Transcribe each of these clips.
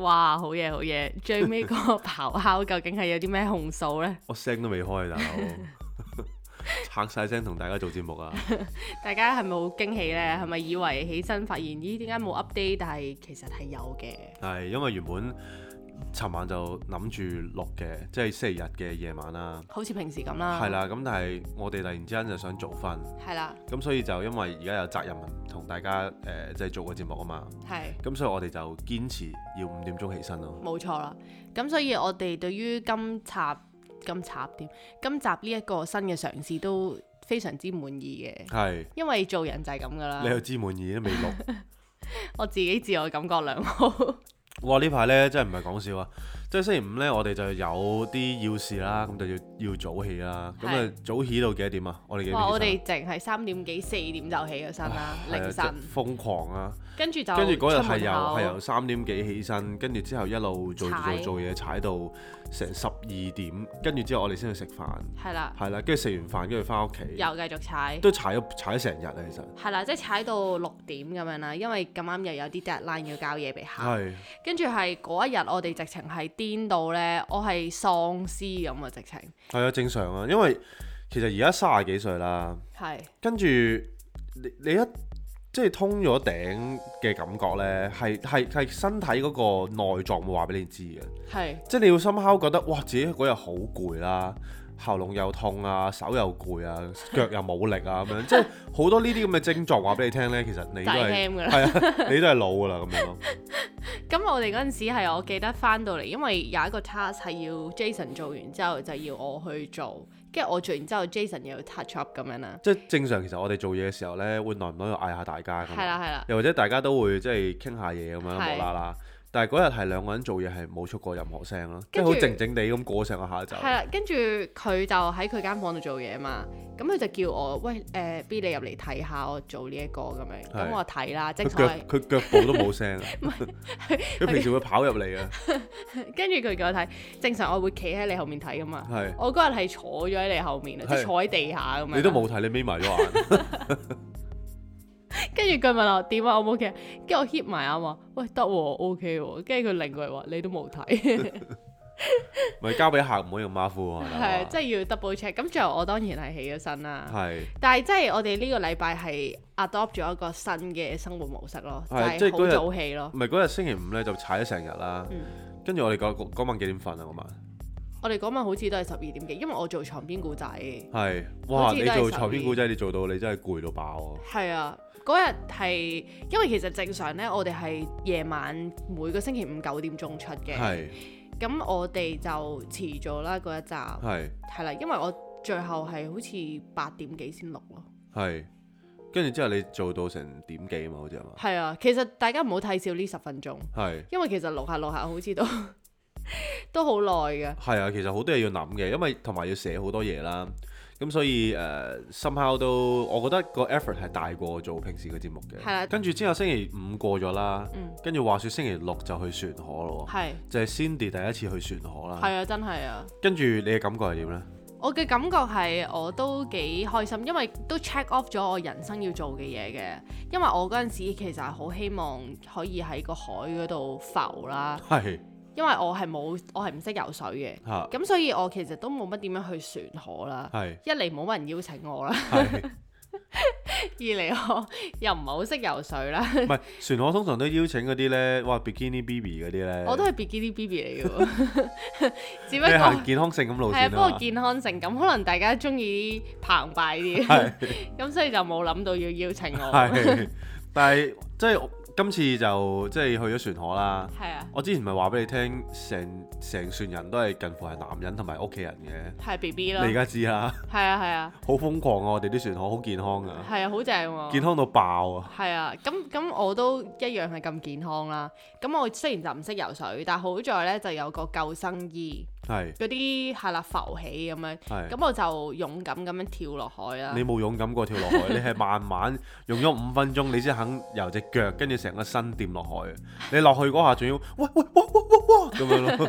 哇！好嘢好嘢，最尾個咆哮究竟係有啲咩控訴呢？我聲都未開，但係拆晒聲同大家做節目啊！ 大家係咪好驚喜呢？係咪以為起身發現咦？點解冇 update？但係其實係有嘅。係因為原本。尋晚就諗住錄嘅，即係星期日嘅夜晚啦，好似平時咁啦、啊。係啦，咁但係我哋突然之間就想早瞓。係啦的，咁所以就因為而家有責任同大家誒，即、呃、係、就係、做個節目啊嘛。係的。咁所以我哋就堅持要五點鐘起身咯。冇錯啦，咁所以我哋對於今集今集點今集呢一個新嘅嘗試都非常之滿意嘅。係的。因為做人就係咁噶啦。你又知滿意都未錄？ 我自己自我感覺良好。 哇！呢排咧真係唔係講笑啊！即係星期五咧，我哋就有啲要事啦，咁就要要早起啦。咁啊，早起到幾多點啊？我哋幾點？我哋淨係三點幾四點就起咗身啦，凌晨。瘋狂啊！跟住就跟住嗰日係由係由三點幾起身，跟住之後一路做做做嘢踩到成十二點，跟住之後我哋先去食飯。係啦，係啦，跟住食完飯跟住返屋企，又繼續踩，都踩咗踩成日啊！其實係啦，即係踩到六點咁樣啦，因為咁啱又有啲 deadline 要交嘢俾客，跟。跟住係嗰一日，我哋直情係癲到呢，我係喪屍咁啊！直情係啊，正常啊，因為其實而家三十幾歲啦，係跟住你一即係通咗頂嘅感覺呢，係係係身體嗰個內臟會話俾你知嘅，係是即係你要深刻覺得，哇！自己嗰日好攰啦。喉嚨又痛啊，手又攰啊，腳又冇力啊，咁 樣即係好多呢啲咁嘅症狀，話俾你聽呢，其實你都係係啊，你都係老噶啦咁樣。咁 我哋嗰陣時係我記得翻到嚟，因為有一個 task 係要 Jason 做完之後就要我去做，跟住我做完之後 Jason 又要 touch up 咁樣啦。即係正常，其實我哋做嘢嘅時候呢，會耐唔耐要嗌下大家。係啦係啦，又或者大家都會即係傾下嘢咁樣啦。但係嗰日係兩個人做嘢係冇出過任何聲咯，著即係好靜靜地咁過成個下晝。係啦、啊，跟住佢就喺佢間房度做嘢嘛，咁佢就叫我喂，誒 B、呃、你入嚟睇下我做呢一個咁樣，咁是我睇啦。腳正常佢腳步都冇聲啊！佢 是 平時會跑入嚟啊！跟住佢叫我睇，正常我會企喺你後面睇噶嘛。是我嗰日係坐咗喺你後面啊，即係是坐喺地下咁樣你。你都冇睇，你眯埋咗眼。 跟住佢問我點啊？我冇嘅。跟住我 hit 埋眼話，喂得喎，O K 喎。跟住佢另個人話，你都冇睇，咪交俾客，唔可以用馬虎係，即係要 double check。咁最後我當然係起咗身啦。係，但係即係我哋呢個禮拜係 adopt 咗一個新嘅生活模式咯，即係好早起咯。唔係嗰日星期五咧就踩咗成日啦。嗯、跟住我哋個嗰晚幾點瞓啊？我晚。我哋講晚好似都係十二點幾，因為我做床邊故仔。係，哇！12, 你做床邊故仔，你做到你真係攰到爆。係啊，嗰日係，因為其實正常咧，我哋係夜晚每個星期五九點鐘出嘅。係是。咁我哋就遲咗啦，嗰一集。係是。係啦、啊，因為我最後係好似八點幾先錄咯。係。跟住之後你做到成點幾嘛？好似係嘛？係啊，其實大家唔好睇少呢十分鐘。係是。因為其實錄下錄下，好似都。都好耐嘅，係啊，其實好多嘢要諗嘅，因為同埋要寫好多嘢啦，咁所以誒，uh，somehow 都我覺得個 effort 係大過做平時個節目嘅。係啦的，跟住之後星期五過咗啦，嗯，跟住話說星期六就去船河咯，係是，就係 Cindy 第一次去船河啦，係啊，真係啊，跟住你嘅感覺係點呢？我嘅感覺係我都幾開心，因為都 check off 咗我人生要做嘅嘢嘅，因為我嗰陣時其實係好希望可以喺個海嗰度浮啦，係。因為我係冇，我係唔識游水嘅，咁所以我其實都冇乜點樣去船河啦。係一嚟冇乜人邀請我啦，二嚟我又唔係好識游水啦。唔係船河通常都邀請嗰啲咧，哇，比基尼 BB 嗰啲咧，我都係比基尼 BB 嚟嘅，只不過健康性咁路線啦。係啊，不過健康性咁，可能大家鍾意澎湃啲，咁所以就冇諗到要邀請我。係，但係即係。今次就即係去咗船河啦，係啊！我之前唔係話俾你聽，成成船人都係近乎係男人同埋屋企人嘅，係 B B 咯，你而家知啊，係啊係啊，好瘋 狂啊！我哋啲船河好健康啊，係啊，好正喎，健康到爆啊！係啊，咁咁我都一樣係咁健康啦，啊。咁我雖然就唔識游水，但好在咧就有個救生衣，係嗰啲係啦浮起咁樣，係咁，啊、我就勇敢咁樣跳落海啊，你冇勇敢過跳落海， 你係慢慢用咗五分鐘，你先肯游隻腳跟住。成個身掂落去，你落去嗰下仲要，喂喂喂喂喂咁樣咯。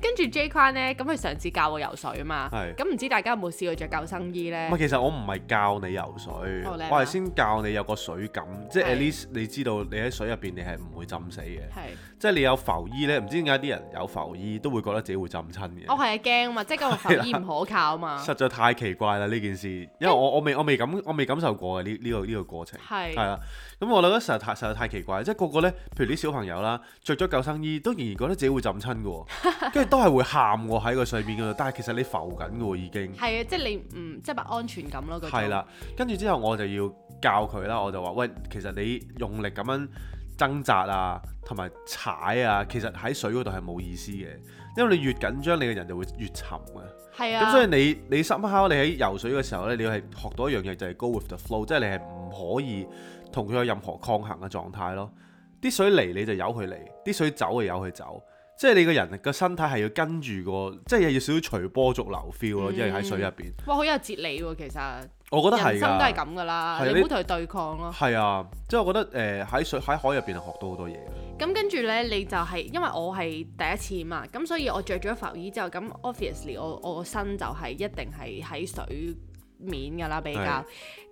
跟住 J 寬咧，咁佢上次教我游水啊嘛，係咁唔知大家有冇試過着救生衣咧？唔係，其實我唔係教你游水，我係先教你有個水感，即係 At least 你知道你喺水入邊，你係唔會浸死嘅。係，即係你有浮衣咧，唔知點解啲人有浮衣都會覺得自己會浸親嘅。我係啊驚啊嘛，即係嗰個浮衣唔可靠啊嘛。實在太奇怪啦呢件事，因為我我未我未感我未感受過嘅呢呢個呢個過程係係啦。咁我覺得實在實在太奇怪，即係個個咧，譬如啲小朋友啦，着咗救生衣都仍然覺得自己會浸親嘅喎，跟住 都係會喊喎喺個水面嗰度，但係其實你浮緊嘅喎已經係啊，即係你唔即係冇安全感咯。係啦，跟住之後我就要教佢啦，我就話喂，其實你用力咁樣掙扎啊，同埋踩啊，其實喺水嗰度係冇意思嘅，因為你越緊張，你嘅人就會越沉嘅。咁、嗯嗯、所以你你深刻，你喺游水嘅時候咧，你係學到一樣嘢就係、是、go with the flow，即係你係唔可以同佢有任何抗衡嘅狀態咯。啲水嚟你就由佢嚟，啲水走就由佢走，即、就、係、是、你個人個身體係要跟住、那個，即、就、係、是、要有少少隨波逐流 feel 咯，即係喺水入邊。哇！好有哲理喎、啊，其實～我覺得係，人生都係咁噶啦，你唔好同佢對抗咯。係啊，即係我覺得誒喺、呃、水喺海入邊係學到好多嘢嘅。咁跟住咧，你就係、是、因為我係第一次嘛，咁所以我着咗浮衣之後，咁 obviously 我我個身就係一定係喺水面噶啦比較。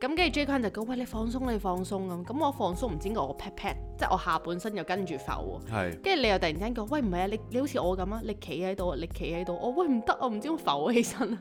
咁跟住 J 君就講：喂，你放鬆，你放鬆咁。咁我放鬆不清不清我，唔知點解我 pat pat，即係我下半身又跟住浮喎。跟住是的 你又突然間講：喂，唔係啊，你你好似我咁啊，你企喺度，你企喺度。我喂唔得，我唔知點浮起身。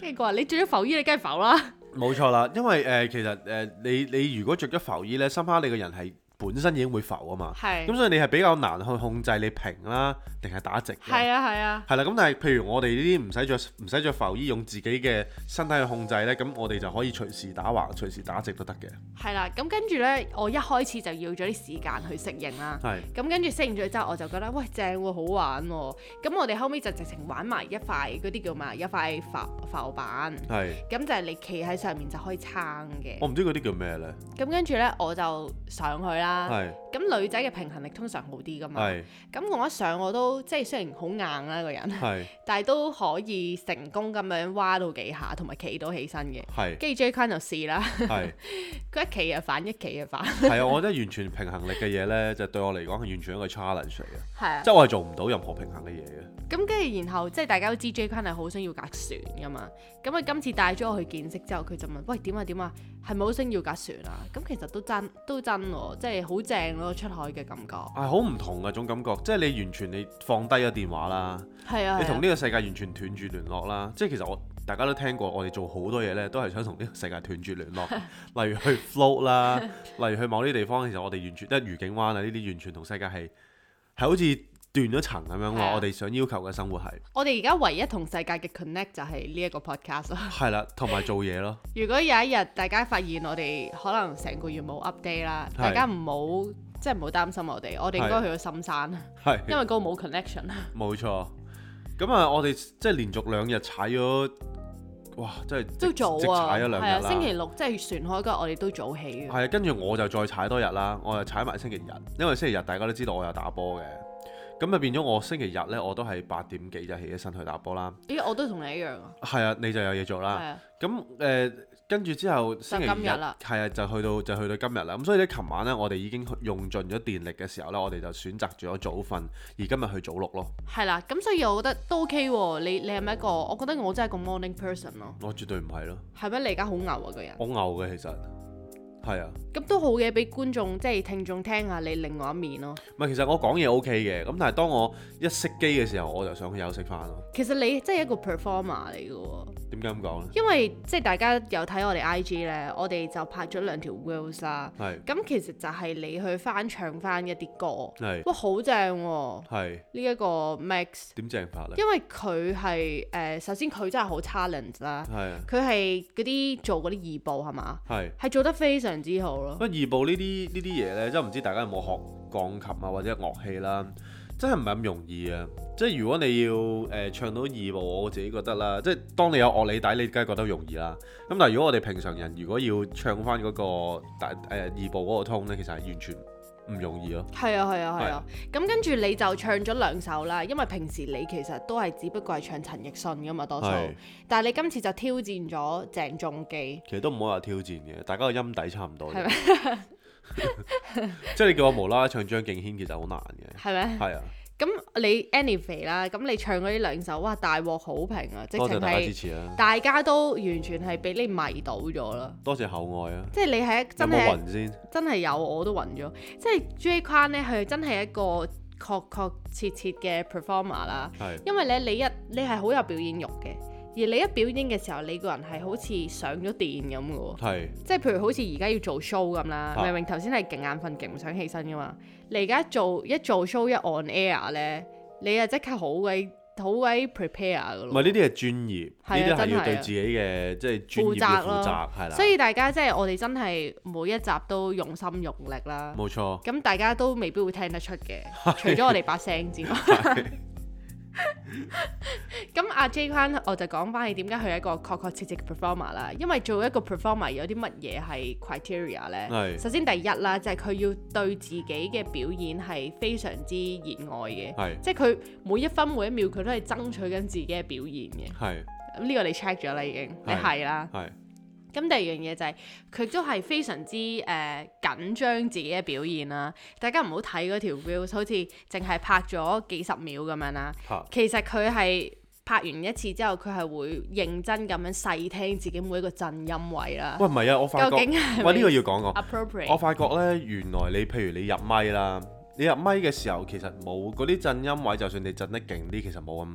跟住佢話：你着咗浮衣，你梗係浮啦。冇錯啦，因為誒、呃，其實誒、呃，你你如果著咗浮衣咧，生怕你個人係。本身已經會浮啊嘛，咁的所以你係比較難去控制你平啦，定係打直嘅。係啊，係啊。係啦，咁但係譬如我哋呢啲唔使着唔使著浮衣，用自己嘅身體去控制咧，咁我哋就可以隨時打橫，隨時打直都得嘅。係啦，咁跟住咧，我一開始就要咗啲時間去適應啦。係的。咁跟住適應咗之後，我就覺得喂正喎、哦，好玩喎、哦。咁我哋後尾就直情玩埋一塊，嗰啲叫咩啊？一塊浮浮板。係的。咁就係你企喺上面就可以撐嘅。我唔知嗰啲叫咩咧。咁跟住咧，我就上去啦。係，咁女仔嘅平衡力通常好啲噶嘛，咁的我一上我都即係雖然好硬啦、啊、個人，的但係都可以成功咁樣挖到幾下，同埋企到起身嘅。係的，跟住 J K 就試啦，佢的 一企就反，一企就反。係啊，我覺得完全平衡力嘅嘢咧， 就對我嚟講係完全一個 challenge 嚟嘅，即係的我係做唔到任何平衡嘅嘢嘅。咁跟住然後即係大家都知 J K 係好想要隔船噶嘛，咁佢今次帶咗我去見識之後，佢就問喂點啊點啊。係咪好想要架船啊？咁其實都真都真喎、啊，即係好正咯，出海嘅感覺係好唔同嘅種感覺，即係你完全你放低咗電話啦，嗯、你同呢個世界完全斷絕聯絡啦、啊。即係其實我大家都聽過，我哋做好多嘢呢，都係想同呢個世界斷絕聯絡， 例如去 float 啦，例如去某啲地方。其實我哋完全，即係愉景灣啊呢啲完全同世界係係好似斷咗層咁樣話，Yeah. 我哋想要求嘅生活係我哋而家唯一同世界嘅 connect 就係呢一個 podcast 咯。係啦， 同埋做嘢咯。 如果有一日大家發現我哋可能成個月冇 update 啦，是大家唔好即係唔好擔心我哋。我哋應該去咗深山是因為嗰個冇 connection 啦。冇 錯，咁啊，我哋即係連續兩日踩咗，哇！真係都早啊，係、啊、星期六即係、就是、船開嘅，我哋都早起嘅。係啊，跟住我就再踩多日啦，我又踩埋星期日，因為星期日大家都知道我有打波嘅。咁就變咗我星期日咧，我都係八點幾就起咗身去打波啦。咦，我都同你一樣啊！係啊，你就有嘢做啦。係咁，誒，跟住之後星期日啦，係啊，就去到就去到今日啦。咁所以咧，琴晚咧我哋已經用盡咗電力嘅時候咧，我哋就選擇住咗早瞓，而今日去早錄咯。係啦、啊，咁所以我覺得都 OK 喎、啊。你你係咪一個？我覺得我真係個 morning person 咯。我絕對唔係咯。係咩？你而家好牛啊！個人。我牛嘅其實。係啊，咁都好嘅，俾觀眾即係聽眾聽下你另外一面咯。唔係，其實我講嘢 O K 嘅，咁但係當我一熄機嘅時候，我就想去休息翻咯。其實你即係一個 performer 嚟嘅。點解咁講咧？因為即係、就是、大家有睇我哋 I G 咧，我哋就拍咗兩條 reels 啊。係是。咁其實就係你去翻唱翻一啲歌。是哇，好正喎！係是。呢一個 Max 點正法咧？因為佢係誒，首先佢真係好 talent 啦。係、啊。佢係嗰啲做嗰啲二部係嘛？係。係做得非常。非常之好咯。不過二部呢啲呢啲嘢呢，真係唔知大家有冇學鋼琴啊或者樂器啦、啊，真係唔係咁容易啊！即係如果你要誒、呃、唱到二部，我自己覺得啦，即係當你有樂理底，你梗係覺得容易啦。咁但係如果我哋平常人如果要唱翻、那、嗰個大、呃、二部嗰個通呢，其實係完全，唔容易咯，係啊係啊係啊，咁跟住你就唱咗兩首啦，因為平時你其實都係只不過係唱陳奕迅噶嘛多數，係但係你今次就挑戰咗鄭中基，其實都唔可以話挑戰嘅，大家個音底差唔多，係咪？即係你叫我無啦啦唱張敬軒，其實好難嘅，係咪？係啊。你 any、anyway，肥啦，咁你唱嗰啲兩首，哇大獲好評啊！直多謝大家支持、啊、大家都完全係俾你迷倒咗啦。多謝厚愛啊！即係你係真係暈先，真係有我都暈咗，即係 J K 呢，佢真係一個確確切切嘅 performer 啦。係的，因為咧你一你係好有表演欲嘅。而你一表演嘅時候，你個人係好似上咗電咁嘅喎，即係譬如好似而家要做 show 咁啦，明明頭先係勁眼瞓、勁唔想起身嘅嘛，你而家做一做 show 一 on air 咧，你啊即刻好鬼好鬼 prepare 嘅咯。唔係呢啲係專業，呢真係要對自己嘅即係負責咯，係啦。所以大家即係我哋真係每一集都用心用力啦，冇錯。咁大家都未必會聽得出嘅，除咗我哋把聲之外。咁阿 Jay Khan 我就講翻你點解佢係一個確確切切嘅 performer 啦。因為做一個 performer 有啲乜嘢係 criteria 咧？係是首先第一啦，就係、是、佢要對自己嘅表現係非常之熱愛嘅。係即係佢每一分每一秒佢都係爭取緊自己嘅表現嘅。係咁呢個你 check 咗啦，已經你係啦。咁第二樣嘢就係、是、佢都係非常之誒、呃、緊張自己嘅表現啦。大家唔好睇嗰條 view 好似淨係拍咗幾十秒咁樣啦。啊、其實佢係拍完一次之後，佢係會認真咁樣細聽自己每一個震音位啦。喂，唔係啊，我發覺，喂呢、哎呢個要講個，appropriate。我發覺咧，原來你譬如你入咪啦，你入咪嘅時候其實冇嗰啲震音位，就算你震得勁啲，其實冇咁，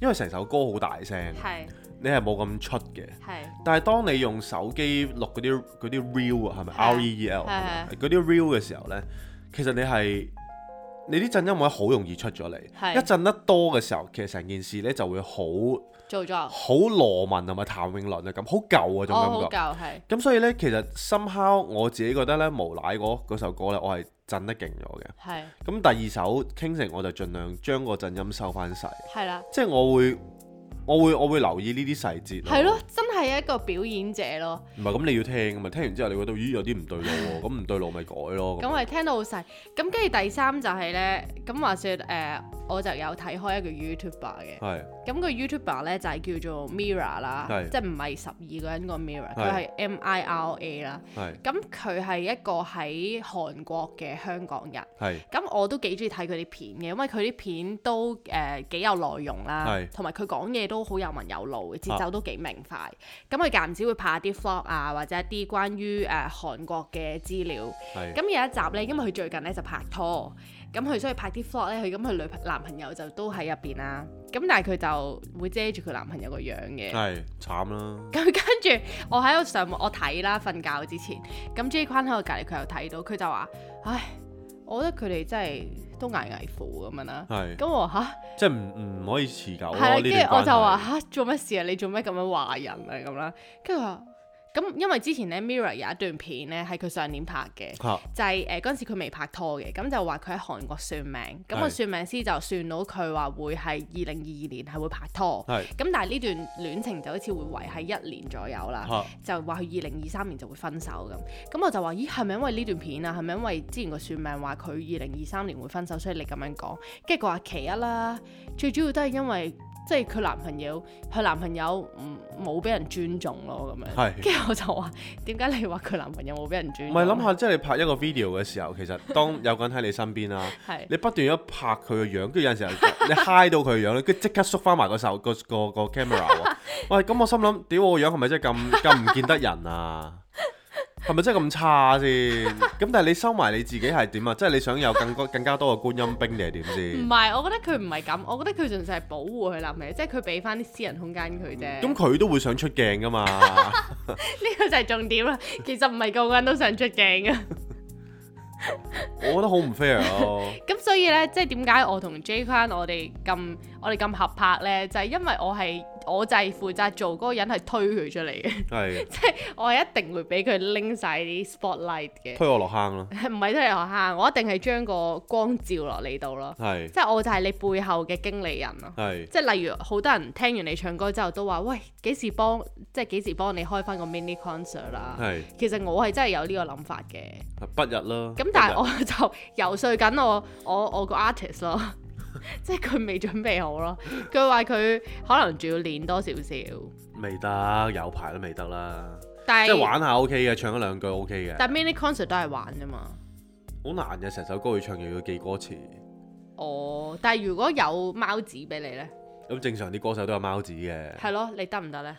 因為成首歌好大聲。係。你係冇咁出嘅，是但係當你用手機錄嗰啲啲 Reel 啊，係咪 R E E L 嗰啲 Reel 嘅時候呢，其實你係你啲震音位好容易出咗嚟。是一震得多嘅時候，其實成件事呢就會好好了，羅文同埋譚詠麟嘅咁，好舊嗰種感覺。咁、oh, 所以呢，其實 somehow 我自己覺得呢，無賴嗰首歌呢，我係震得勁咗嘅。咁是第二首傾城，我就盡量將個震音收翻細。的是即係我會。我會我會留意呢啲細節。係咯，真係一個表演者咯。唔係咁你要聽噶嘛，聽完之後你覺得咦有啲唔對路喎，咁唔對路咪改咯。咁我哋聽到好細。咁跟住第三就係咧，咁話説誒，我就有睇開一個 YouTuber 嘅。係。咁個 YouTuber 咧就係叫做 Mira 啦，即係唔係十二個人個 Mira，佢係 M I R A 啦。係。咁佢係一個喺韓國嘅香港人。係。咁我都幾中意睇佢啲片嘅，因為佢啲片都誒幾有內容啦，同埋佢講嘢，都好有文有路，節奏都幾明快。咁佢間唔時會拍啲 Vlog 啊，或者一啲關於誒、呃、韓國嘅資料。咁是有一集呢，因為佢最近呢就拍拖，咁佢所以拍啲 Vlog 呢，佢咁佢女男朋友就都喺入邊啦。咁但係佢就會遮住佢男朋友個樣嘅。係，慘啦。咁跟住我喺個上網，我睇啦，瞓覺之前。咁 Jianquan 喺我隔離，佢又睇到，佢就話：，唉，我覺得佢哋真係。都挨挨苦咁樣啦，咁我話吓，即係唔唔可以持久。的係啦，跟住我就話吓，做乜事啊？你做咩咁樣話人啊？咁啦，跟住話。咁因為之前咧 Mirror 有一段片咧係佢上年拍嘅，啊、就係誒嗰陣時佢未拍拖嘅，咁就話佢喺韓國算命，咁個是算命師就算到佢話會係二零二二年係會拍拖，咁是但係呢段戀情就好似會維係一年左右啦，啊、就話佢二零二三年就會分手咁，咁我就話咦係咪因為呢段片啊，係咪因為之前個算命話佢二零二三年會分手，所以你咁樣講？跟住佢話其一啦，最主要都係因為。即係佢男朋友，佢男朋友唔冇俾人尊重咯，咁樣是。係。跟住我就話：點解你話佢男朋友冇俾人尊重？咪諗下，即係你拍一個 video 嘅時候，其實當有個人喺你身邊啦，是你不斷一拍佢嘅樣，跟住有陣時候你嗨到佢嘅樣，跟住即刻縮翻埋個手，個、個個 camera。 喂，咁我心諗，屌，我個樣係咪真係咁咁唔見得人啊？ 係咪真係咁差先？咁但係你收埋你自己係點啊？即係你想有更更加多嘅觀音兵定係點先？唔係，我覺得佢唔係咁，我覺得佢純粹係保護佢男朋友，即係佢俾翻啲私人空間佢啫。咁佢都會想出鏡噶嘛？呢個就係重點啦。其實唔係個個人都想出鏡噶。我覺得好唔 fair 啊。咁所以呢，即係點解我同 Jianfan 我哋咁？我哋咁合拍呢，就係、係、因為我係，我就係負責做嗰個人，係推佢出嚟嘅，即係 我係一定會俾佢拎晒啲 spotlight 嘅。推我落坑咯，唔係 推你落坑，我一定係將個光照落你度咯。即係的我就係你背後嘅經理人咯。即係的例如好多人聽完你唱歌之後都話：喂，幾時幫？即係幾時幫你開翻個 mini concert 啦、啊？的其實我係真係有呢個諗法嘅。不日咯。咁但係日我就游説緊我我我個 artist 咯。即係佢未準備好咯，佢話佢可能仲要練多少少，未得，有排都未得啦。但係是即係玩下 OK 嘅，唱一兩句 OK 嘅。但係 mini concert 都係玩㗎嘛，好難嘅，成首歌要唱又要記歌詞。哦，但係如果有貓紙俾你呢？咁正常啲歌手都有貓紙嘅。係咯，你得唔得呢？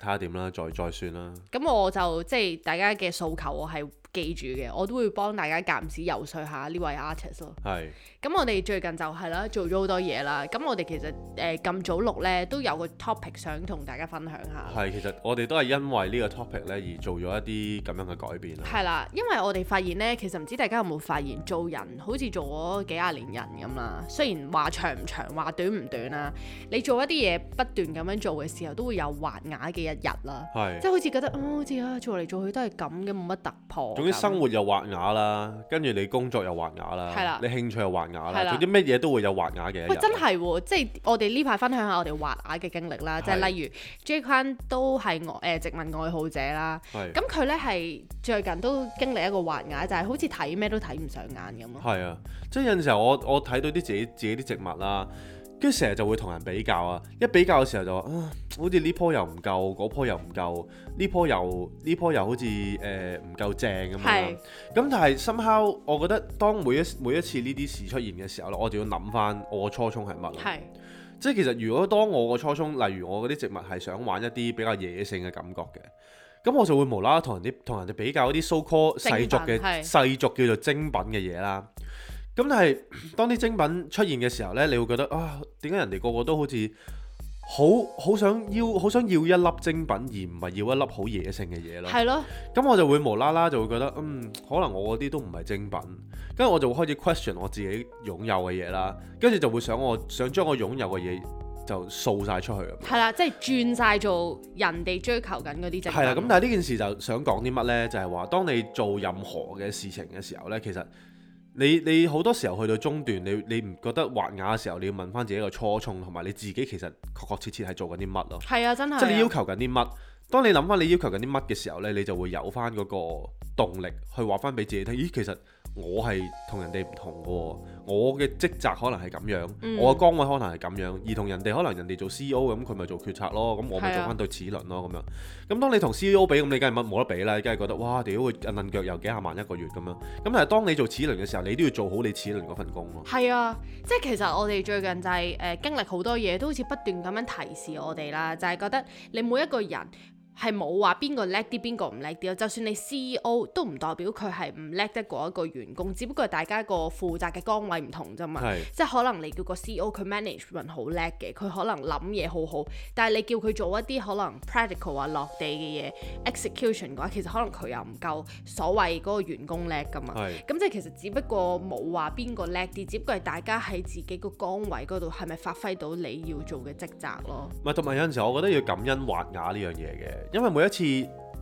睇下點啦，再再算啦。咁我就即係大家嘅訴求，我係。記住嘅，我都會幫大家暫時游説下呢位 artist 咯。係是。咁我哋最近就係啦，做咗好多嘢啦。咁我哋其實誒咁、呃、早錄咧，都有個 topic 想同大家分享下。係，其實我哋都係因為呢個 topic 咧而做咗一啲咁樣嘅改變啦。係啦，因為我哋發現咧，其實唔知大家有冇發現，做人好似做咗幾廿年人咁啦。雖然話長唔長，話短唔短啦，你做一啲嘢不斷咁樣做嘅時候，都會有滑啞嘅一日啦。是即係好似覺得哦，好似啊，做嚟做去都係咁嘅，冇乜突破。總之生活又滑啞啦，跟住你工作又滑啞啦，係啦的，你興趣又滑啞啦，做啲乜嘢都會有滑啞嘅。真係喎，即、就、係、是、我哋呢排分享下我哋滑啞嘅經歷啦，即係的例如 j q u a n 都係愛誒植物愛好者啦，咁佢咧係最近都經歷一個滑啞，就係、是、好似睇咩都睇唔上眼咁咯。係啊，即、就、係、是、有陣時候我我睇到啲自己自己啲植物啊。跟住成日就會同人比較啊！一比較嘅時候就話啊，好似呢棵又唔夠，嗰棵又唔夠，呢棵又呢棵又好似誒唔夠正咁樣。咁是但係 somehow 我覺得當每一每一次呢啲事出現嘅時候咧，我就要諗翻我初衷係乜。係是即係其實如果當我個初衷，例如我嗰啲植物係想玩一啲比較野性嘅感覺嘅，咁我就會無啦啦同人啲同人哋比較啲 so called 細作嘅細作叫做精品嘅嘢啦。咁但係，當啲精品出現嘅時候呢，你會覺得啊，點解人哋個個都好似好好想要，好想要一粒精品，而唔係要一粒好野性嘅嘢咯？係咯。咁我就會無啦啦就會覺得，嗯，可能我嗰啲都唔係精品，跟住我就會開始 question 我自己擁有嘅嘢啦，跟住就會想我想將我擁有嘅嘢就掃晒出去。係啦，即係轉晒做人哋追求緊嗰啲精品。係啦，咁但係呢件事就想講啲乜呢？就係話當你做任何嘅事情嘅時候呢，其實。你你好多時候去到中段，你你唔覺得滑啞嘅時候，你要問翻自己個初衷，同埋你自己其實確確切切係做緊啲乜咯？即係、啊啊、你要求緊啲乜？當你諗翻你要求緊啲乜嘅時候呢，你就會有翻嗰個動力去話翻俾自己聽。咦，其實～我係同人哋唔同嘅喎，我嘅職責可能係咁樣，嗯、我嘅崗位可能係咁樣，而同人哋可能人哋做 CEO 咁佢咪做決策咯，咁、嗯、我咪做翻對齒輪咯咁是、啊、樣。咁當你同 CEO 比咁，你梗係乜冇得比啦，梗係覺得哇，屌會嫩腳有幾廿萬一個月咁樣。咁但係當你做齒輪嘅時候，你都要做好你齒輪嗰份工咯。係啊，即係其實我哋最近就係、是、誒、呃、經歷好多嘢，都好似不斷咁樣提示我哋啦，就係、是、覺得你每一個人。係冇話邊個叻啲，邊個唔叻啲。就算你 CEO 都唔代表佢係唔叻得嗰一個員工，只不過係大家個負責嘅崗位唔同啫嘛。是即係可能你叫個 CEO 佢 management 好叻嘅，佢可能諗嘢好好，但係你叫佢做一啲可能 practical 啊落地嘅嘢 execution 嘅話，其實可能佢又唔夠所謂嗰個員工叻㗎嘛。咁是即係其實只不過冇話邊個叻啲，只不過係大家喺自己個崗位嗰度係咪發揮到你要做嘅職責咯。唔係，同埋有陣時，我覺得要感恩滑啞呢樣嘢嘅。因為每一次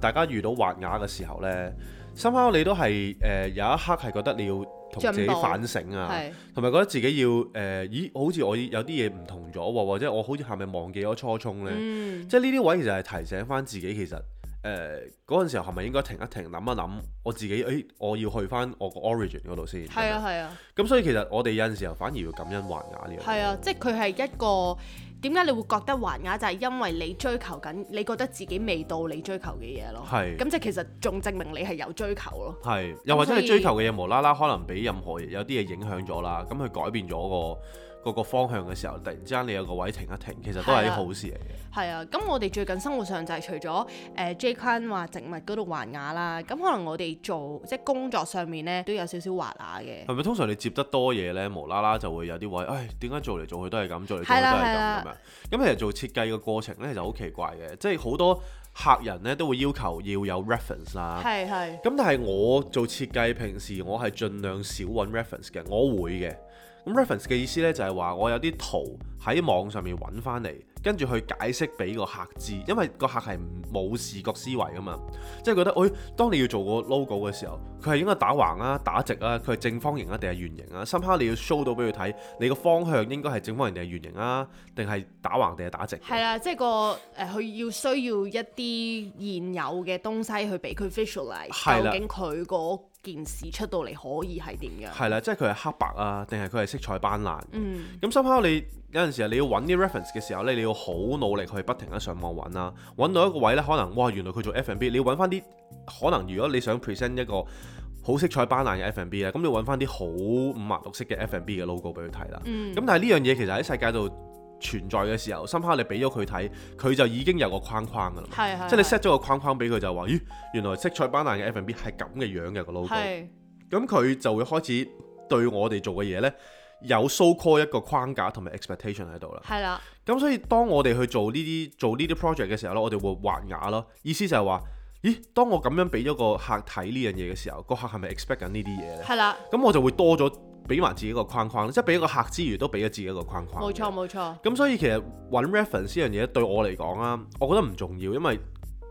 大家遇到滑啞嘅時候呢，深刻你都係誒、呃、有一刻係覺得你要同自己反省啊，同埋覺得自己要誒、呃、咦好似我有啲嘢唔同咗，或者我好似係咪忘記咗初衷呢？嗯、即係呢啲位其實係提醒返自己，其實。誒嗰陣時候係咪應該停一停，諗一諗我自己，誒、hey, 我要去返我個 origin 嗰度先。係啊係啊。咁 Yeah, 所以其實我哋有陣時候反而要感恩滑啞呢樣。係 啊，即係佢係一個點解你會覺得滑啞就係因為你追求緊，你覺得自己未到你追求嘅嘢咯。係。咁即係其實仲證明你係有追求咯。係。又 或者你追求嘅嘢無啦啦可能俾任何有啲嘢影響咗啦，咁佢、 嗯、改變咗個。個個方向嘅時候，突然之間你有個位停一停，其實都係啲好事嚟嘅。係啊，咁我哋最近生活上就係除咗誒 Jay Ken 話植物嗰度滑啞啦，咁可能我哋做即係工作上面咧都有少少滑啞嘅。係咪通常你接得多嘢咧，無啦啦就會有啲位，唉，點解做嚟做去都係咁，做嚟做去都係咁。咁其實做設計嘅過程咧就好奇怪嘅，即係好多客人咧都會要求要有 reference 啦。係係。咁但係我做設計，平時我係盡量少揾 reference 嘅，我會嘅。咁 reference 嘅意思咧就係話，我有啲圖喺網上面揾翻嚟，跟住去解釋俾個客知，因為個客係冇視覺思維㗎嘛，即係覺得，喂、哎，當你要做個 logo 嘅時候，佢係應該打橫，橫啊，打直啊，佢係正方形啊，定係圓形啊，深刻你要 show 到俾佢睇，你個方向應該係正方形定係圓形啊，定係打橫定係打直？係啦，即係個誒，佢、呃、要需要一啲現有嘅東西去俾佢 visualize，究竟佢個件事出到嚟可以係點樣？係啦，即係佢係黑白啊，定係佢係色彩斑斕？嗯，咁深刻你有陣時啊，你要揾啲 reference 嘅時候呢，你要好努力去不停咁上網揾啦、啊，揾到一個位呢，可能哇，原來佢做 F&B，你要揾翻啲可能如果你想 present 一個好色彩斑斕嘅 F&B 咧，咁你要揾翻啲好五顏六色嘅 F&B 嘅 logo 俾佢睇啦。咁、嗯、但係呢樣嘢其實喺世界度。存在嘅時候，深刻你俾咗佢睇，佢就已經有個框框噶啦，是的 即係你 set 咗個框框俾佢就話，咦，原來色彩斑斕嘅 F&B 係咁嘅樣嘅個 logo，咁佢是的 就會開始對我哋做嘅嘢呢，有 so call 一個框架同埋 expectation 喺度啦。係啦，咁所以當我哋去做呢啲做呢啲 project 嘅時候咧，我哋會滑啞咯，意思就係話，咦，當我咁樣俾咗個客睇呢樣嘢嘅時候，個客係咪 expect 緊呢啲嘢呢？係啦，咁我就會多咗。俾埋自己個框框，即係俾個客之餘都俾咗自己一個框框。冇錯，冇錯。咁所以其實揾 reference 呢樣嘢對我嚟講啊，我覺得唔重要，因為。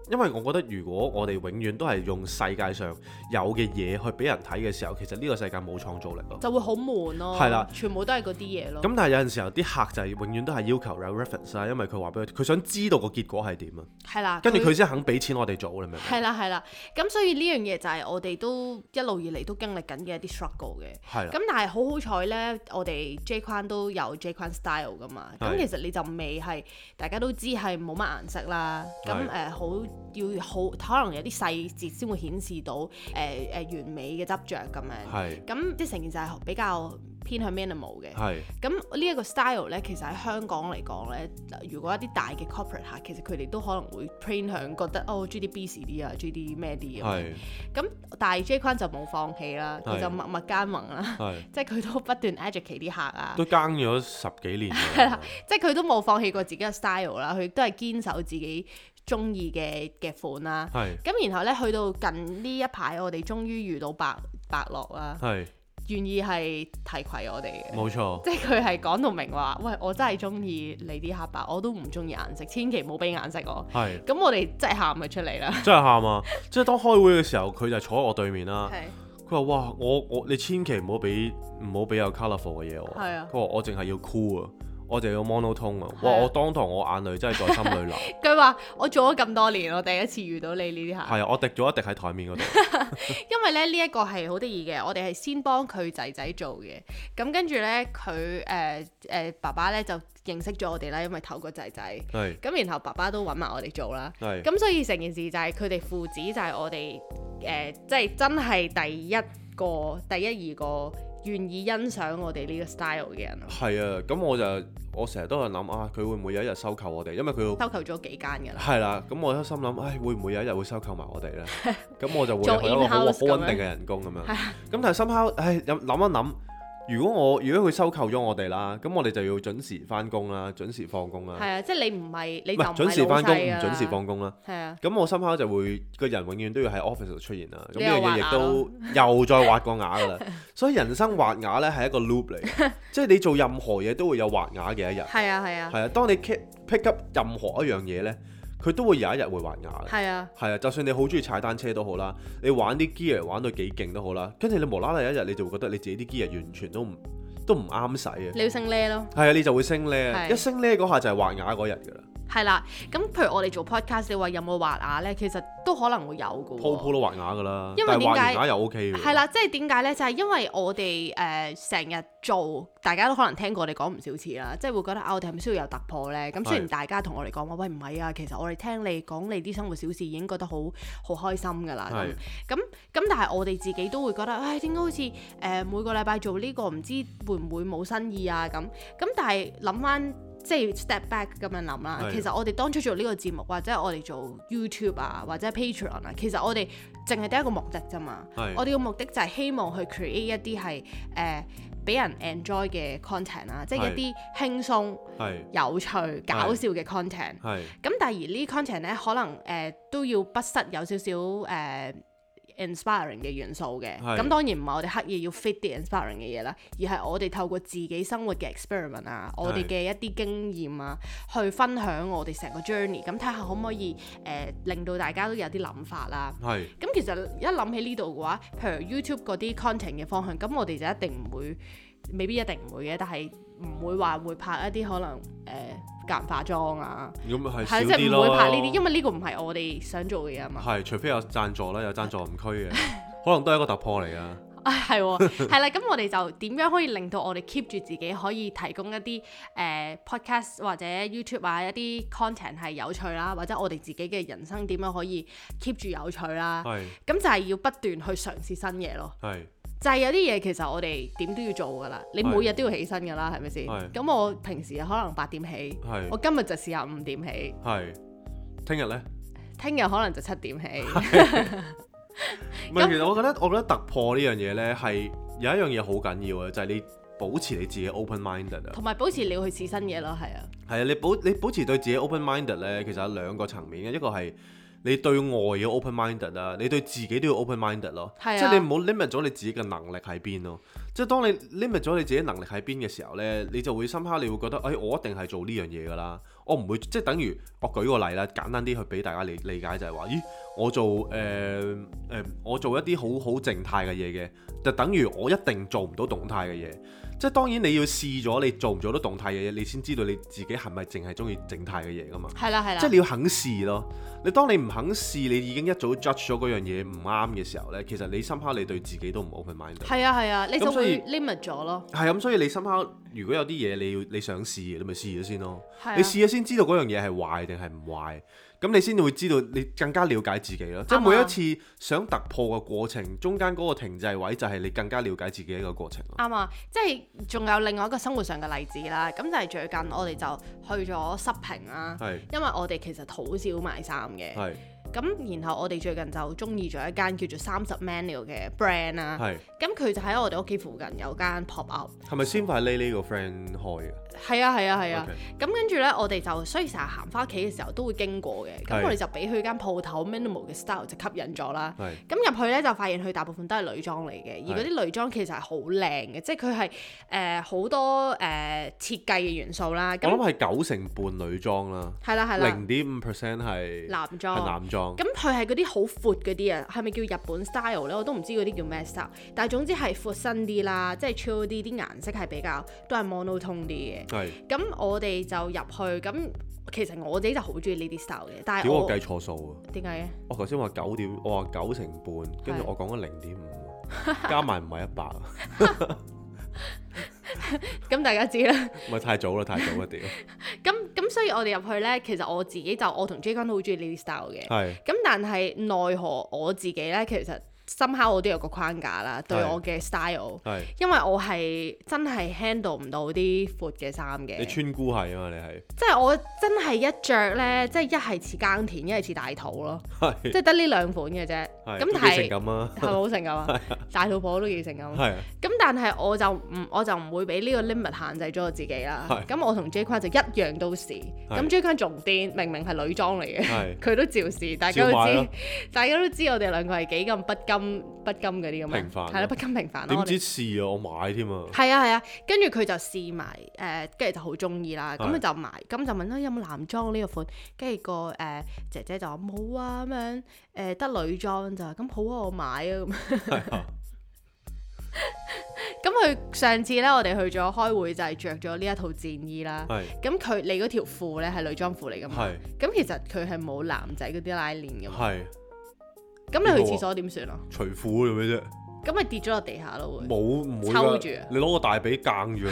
因為我覺得，如果我哋永遠都係用世界上有嘅嘢去俾人睇嘅時候，其實呢個世界冇創造力咯，就會好悶咯。係啦，全部都係嗰啲嘢咯。咁、嗯、但係有陣時候啲客就係、係、永遠都係要求 reference 啦，因為佢話俾佢，佢想知道個結果係點啊。係啦。跟住佢先肯俾錢給我哋做，你明唔明？係啦係啦，咁所以呢樣嘢就係我哋都一路以嚟都經歷緊嘅一啲 struggle 嘅。係啦。咁但係好好彩咧，我哋 Jayquan 都有 Jayquan style 噶嘛。咁其實你就未係是大家都知係冇乜顏色啦。咁誒好。要好可能有啲細節先會顯示到誒誒、呃呃、完美嘅執着。咁是的 樣，係咁即係成件就係比較偏向 minimal 嘅，係咁是的 呢一個 style 咧，其實喺香港嚟講咧，如果一啲大嘅 corporate 客，其實佢哋都可能會偏向覺得哦，中意啲 B 字啲啊，中意啲咩啲啊？是的 樣，咁，但係 JQuan 就冇放棄啦，佢是的 就默默加盟啦，係即係佢都不斷 educate 啲客啊，都耕咗十幾年啦，即係佢都冇放棄過自己嘅 style 啦，佢都係堅守自己。中意嘅嘅款啦，咁然後咧去到近呢一排，我哋終於遇到伯伯樂啦，願意係提携我哋嘅。冇錯，即係佢係講到明話，喂，我真係中意你啲黑白，我都唔中意顏色，千祈唔好俾顏色我。係，咁我哋真係喊佢出嚟啦，真係喊啊，即係當開會嘅時候，佢就坐喺我對面啦，佢話哇，我我你千祈唔好俾唔好俾有 colorful 嘅嘢我，佢話我淨係要 cool 啊。我就要 monotone 啊！哇！我當堂我眼淚真係在心裏流。佢話： 我做咗咁多年，我第一次遇到你客人 呢啲嚇。係、這、啊、個，我滴咗一滴喺台面嗰度。因為咧呢一個係好得意嘅，我哋係先幫佢仔仔做嘅。咁跟住咧，佢誒誒爸爸咧就認識咗我哋啦，因為透過仔仔。咁然後爸爸都揾埋我哋做啦。咁對 所以成件事就係佢哋父子就係我哋誒，即、呃、係、就是、真係第一個、第一二個。願意欣賞我哋呢個 style 嘅人咯，係啊，咁我就我成日都喺度諗啊，佢會唔會有一日收購我哋？因為佢收購咗幾間嘅啦，係啦，咁我一心諗，唉、哎，會唔會有一日會收購埋我哋咧？咁 我就會去一個好，好，好穩定嘅人工咁樣。係咁 但係心口唉，諗一諗。如果我如果佢收購咗我哋啦，咁我哋就要準時翻工啦，準時放工啦。係啊，即係你唔係你唔係準時翻工，唔了準時放工啦。係啊。咁我心口就會個人永遠都要喺 office 度出現啦。咁呢樣嘢亦都又再挖個牙噶啦。 所以人生滑啞咧係一個 loop 嚟， 即係你做任何嘢都會有滑啞嘅一日。係啊係啊。係啊，啊，當你 pick pick up 任何一樣嘢咧。佢都會有一日會滑啞嘅，係是啊，係啊，就算你好中意踩單車都好啦，你玩啲機嘅玩到幾勁都好啦，跟住你無啦啦有一日你就會覺得你自己啲機嘅完全都唔都唔啱使啊，你要升呢咯，係啊，你就會升呢，的一升呢嗰下就係滑啞嗰日㗎啦。係啦，咁譬如我哋做 podcast，你話有冇滑啞咧？其實都可能會有嘅。鋪鋪都滑啞噶啦，因為點解？但係滑啞又 OK 嘅。係啦，即係點解咧？就係因為我哋誒成日做，大家都可能聽過我哋講唔少次啦，即係會覺得啊，我哋係咪需要有突破咧？咁雖然大家同我哋講話喂，唔係啊，其實我哋聽你講你啲生活小事已經覺得好好開心噶啦。係。咁咁係，但係我哋自己都會覺得，唉，點解好似誒每個禮拜做呢個唔知會唔會冇新意啊？咁咁，但係諗翻。即係 step back 咁樣諗啦，其實我哋當初做呢個節目，或者我哋做 YouTube 啊，或者 Patreon 啊，其實我哋淨係得一個目的啫嘛。是我哋個目的就係希望去 create 一啲係誒俾人 enjoy 嘅 content 啊，即係一啲輕鬆、是有趣、是搞笑嘅 content。係咁，但係而呢啲 content 咧，可能誒、呃、都要不失有少少誒。呃 inspiring 嘅元素嘅，咁是當然唔係我哋刻意要 fit 啲 inspiring 嘅嘢啦，而係我哋透過自己生活嘅 experiment 啊，是我哋嘅一啲經驗啊，去分享我哋成個 journey，咁睇下可唔可以誒、呃、令到大家都有啲諗法啦。係是。咁其實一諗起呢度嘅話，譬如 YouTube 嗰啲 content 嘅方向，咁我哋就一定唔會。未必一定唔會嘅，但係唔會話會拍一啲可能誒間、呃、化妝啊，咁係即係唔會拍呢啲，因為呢個唔係我哋想做嘅嘢啊嘛。係，除非有贊助啦，有贊助唔拘嘅，啊、可能都係一個突破嚟啊。係喎、喔，係啦， 咁我哋就點樣可以令到我哋 keep 住自己可以提供一啲誒、呃、podcast 或者 YouTube 啊一啲 content 係有趣啦，或者我哋自己嘅人生點樣可以 keep 住有趣啦？係是，咁就係要不斷去嘗試新嘢咯。係。就係有啲嘢其實我哋點都要做噶啦，你每日都要起身噶啦，係咪先？咁係我平時可能八點起，係我今日就試下五點起，聽日呢？聽日可能就七點起。其實我覺得我覺得突破呢樣嘢呢，係有一樣嘢好緊要嘅，就係、係、你保持你自己 open minded 啊，同埋保持你去試新嘢咯，係啊，係啊，你保你保持對自己 open minded 呢，其實有兩個層面嘅，一個係。你對外要 open-minded 啦，你對自己都要 open-minded 咯、啊，即係你唔好 limit 咗你自己嘅能力喺邊咯。即係當你 limit 咗你自己能力喺邊嘅時候呢，你就會深刻，你會覺得，哎，我一定係做呢樣嘢噶啦，我唔會，即係等於，我舉個例啦，簡單啲去俾大家理理解就係、是、話，咦，我做誒誒、呃呃，我做一啲好好靜態嘅嘢嘅，就等於我一定做唔到動態嘅嘢。即係當然你要試咗，你做唔做得動態嘅嘢，你先知道你自己係咪淨係中意靜態嘅嘢噶嘛？係啦係啦，即係你要肯試咯。你當你唔肯試，你已經一早 judge 咗嗰樣嘢唔啱嘅時候咧，其實你深刻你對自己都唔 open mind。係啊係啊，你就會 limit 咗咯。係咁，所以你深刻如果有啲嘢你要你想試，你咪試咗先咯。的你試咗先知道嗰樣嘢係壞定係唔壞。咁你先會知道你更加了解自己咯，嗯、即係每一次想突破嘅過程，嗯、中間嗰個停滯位就係你更加了解自己一個過程咯。啱啊、嗯，即係仲有另外一個生活上嘅例子啦，咁就係最近我哋就去咗 s 平啦是，因為我哋其實好少買衫嘅。咁然後我哋最近就中意咗一間叫做三十 Manual 嘅 brand 啦。係。咁佢就喺我哋屋企附近有間 pop up。係咪先快呢呢個 friend 開嘅？係啊係啊係啊。咁跟住咧，我哋就所以成日行返屋企嘅時候都會經過嘅。咁我哋就俾佢間鋪頭 minimal 嘅 style 就吸引咗啦。係。咁入去咧就發現佢大部分都係女裝嚟嘅，而嗰啲女裝其實係好靚嘅，即係佢係誒好多誒設計嘅元素啦。我諗係九成半女裝啦。係啦係啦。零點五 percent 係男裝係男裝。咁佢係嗰啲好闊嗰啲啊，係咪叫日本 style 咧？我都唔知嗰啲叫咩 style，但係總之係闊身啲啦，即係 chill 啲，啲顏色係比較都係 monoton 啲嘅。係是。咁、嗯、我哋就入去，咁、嗯、其實我自己就好中意呢啲 style 嘅。但係我計錯數啊？點解嘅？我頭先話九點，我話九成半，跟住我講緊零點五，加埋唔係一百。咁大家知啦。唔係太早啦，太早啦屌。 所以我哋入去咧，其實我自己就我同 J 君都好中意呢啲 style 嘅。咁是的 但係奈何我自己咧，其實。深口我都有個框架啦，對我嘅 style，因為我係真係 handle 唔到啲闊嘅衫嘅。你穿姑係啊嘛，你係。即係我真係一着呢，即係一係似耕田，一係似大肚咯。即係得呢兩款嘅啫。咁但係。好係咪好成咁啊？大肚婆都要成咁。係。咁但係我就唔我就唔會俾呢個 limit 限制咗我自己啦。咁我同 JQuan 就一樣都試。咁 JQuan 仲癲，明明係女裝嚟嘅，佢都照試。大家都知，大家都知我哋兩個係幾咁不甘。不金不甘啲咁啊，係啦，不甘平凡啦。點知試啊？啊我，們我買添啊！係啊係啊，跟住佢就試埋誒，跟、呃、住就好中意啦。咁佢是就買，咁就問啦，有冇男裝呢個款？跟住、那個誒、呃、姐姐就話冇啊，咁樣誒得女裝咋？咁好啊，我買啊咁。咁 佢、啊、 上次咧，我哋去咗開會就係着咗呢一套戰衣啦。咁佢是你嗰條褲咧係女裝褲嚟㗎嘛？咁是其實佢係冇男仔嗰啲拉鏈㗎嘛？是咁你去廁所點算啊？除褲做咩啫？咁咪跌咗落地下咯，會冇唔會。抽住，你攞個大髀硬住。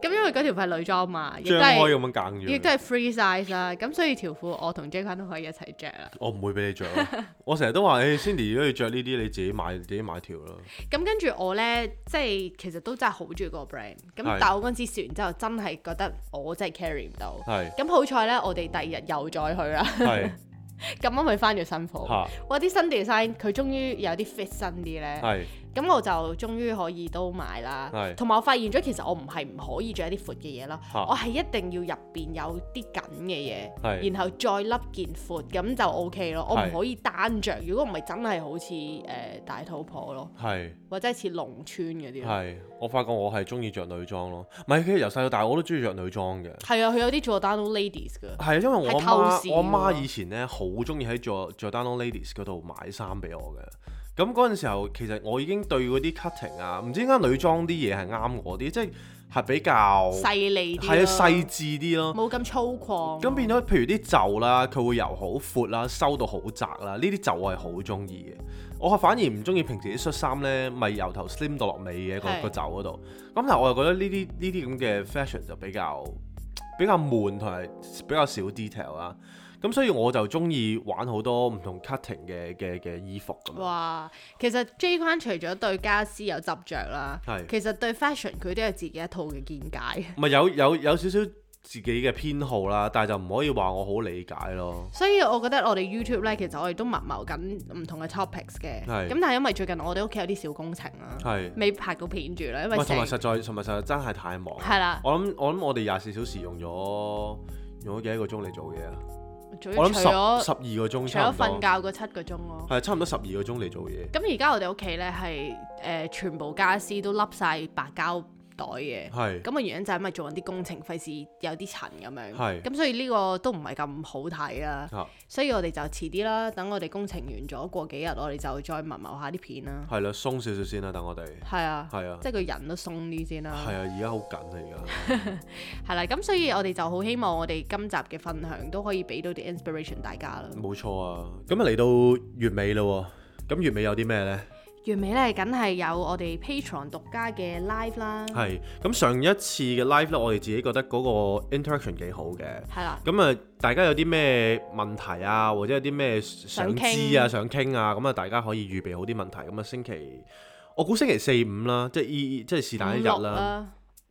咁因為嗰條係女裝嘛，亦都係亦都係 free size 啦、啊，咁 所以條褲我同 Jian Pan 都可以一齊着啦。 。我唔會俾你着，我成日都話：哎，Cindy，如果要着呢啲，你自己買，自己買條啦。咁跟住我咧，即係其實都真係好中意個 brand。咁但我嗰陣時試完之後，真係覺得我真係 carry 唔到。咁是好彩咧，我哋第二日又再去啦。咁 我咪翻咗新貨。嚇哈。我啲新 design，佢終於有啲 fit 身啲咧。是咁我就終於可以都買啦，同埋是我發現咗其實我唔係唔可以着一啲闊嘅嘢咯，啊、我係一定要入邊有啲緊嘅嘢，是然後再笠件闊，咁就 O、OK、K 咯。是我唔可以單着，如果唔係真係好似誒、呃、大肚婆咯，是或者似農村嗰啲。係，我發覺我係中意着女裝咯，唔係其實由細到大我都中意着女裝嘅。係啊，佢有啲做 Giordano Ladies 嘅。係啊，因為我媽我媽以前呢，好中意喺做做 Giordano Ladies 嗰度買衫俾我嘅。咁嗰陣時候，其實我已經對嗰啲 cutting 啊，唔知點解女裝啲嘢係啱我啲，即係係比較細膩，係啊細緻啲咯，冇咁粗獷。咁變咗，譬如啲袖啦、啊，佢會由好闊啦收到好窄啦、啊，呢啲袖我係好中意嘅。我反而唔中意平時啲恤衫咧，咪由頭 slim 到落尾嘅個是個袖嗰度。咁但係我又覺得呢啲呢啲咁嘅 fashion 就比較比較悶同埋比較少 detail 啦、啊。咁所以我就鍾意玩好多唔同 cutting 嘅嘅嘅衣服咁。哇，其實 J 君除咗對傢俬有執著啦，係是其實對 fashion 佢都有自己一套嘅見解嘅。唔係有有有少少自己嘅偏好啦，但係就唔可以話我好理解咯。所以我覺得我哋 YouTube 咧，其實我哋都密謀緊唔同嘅 topics 嘅。係咁是，但係因為最近我哋屋企有啲小工程啦、啊，係未是拍到片住啦，因為實在實在實在真係太忙。係啦的，我諗我諗我哋廿四小時用咗用咗幾多個鐘嚟做嘢啊？我諗十,十二個鐘，除咗瞓覺嗰七個鐘咯、啊，係差唔多十二個鐘嚟做嘢。咁而家我哋屋企咧係誒全部家私都笠晒白膠。袋嘅，咁嘅原因就係因為做緊啲工程，費事有啲塵咁樣，咁的所以呢個都唔係咁好睇啦。的所以我哋就遲啲啦，等我哋工程完咗，過幾日我哋就再密謀下啲片啦。係啦，鬆少少先啦，等我哋。係啊，係啊，即係個人都鬆啲先啦。係啊，而家好緊啊，而家 。係啦，咁所以我哋就好希望我哋今集嘅分享都可以俾到啲 inspiration 大家啦。冇錯啊，咁啊嚟到月尾啦，咁月尾有啲咩咧？完美咧，梗係有我哋 Patreon 獨家嘅 live 啦。係咁，上一次嘅 live 咧，我哋自己覺得嗰個 interaction 幾好嘅。係啦。咁啊，大家有啲咩問題啊，或者有啲咩想知啊、想傾聊啊，咁啊，大家可以預備好啲問題。咁啊，星期我估星期四五啦，即係依即係是但一日啦，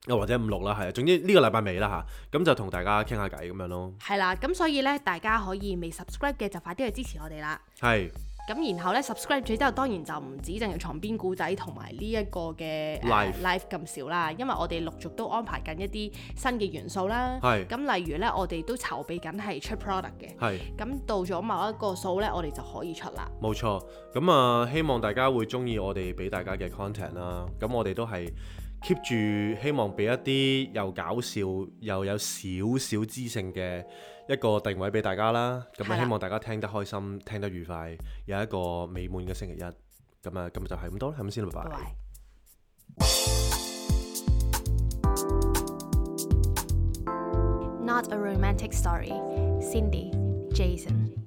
又、啊、或者五六啦，係啊。總之呢個禮拜尾啦吓，咁就同大家傾下偈咁樣咯。係啦、啊，咁所以咧，大家可以未 subscribe 嘅就快啲去支持我哋啦。係。咁然後咧，subscribe 咗之後，當然就唔止淨係床邊故仔同埋呢一個嘅 life 咁、呃、life 少啦，因為我哋陸續都安排緊一啲新嘅元素啦。係是。咁例如咧，我哋都籌備緊係出 product 嘅。係是。咁到咗某一個數咧，我哋就可以出啦。冇錯。咁啊，希望大家會中意我哋俾大家嘅 content 啦。咁我哋都係 keep 住希望俾一啲又搞笑又有少少知性嘅一個定位俾大家啦，咁啊，希望大家聽得開心，聽得愉快，有一個美滿嘅星期一。咁啊，今日就係咁多啦，係咁先啦，拜拜 Bye. Not a romantic story. Cindy, Jason. Mm-hmm.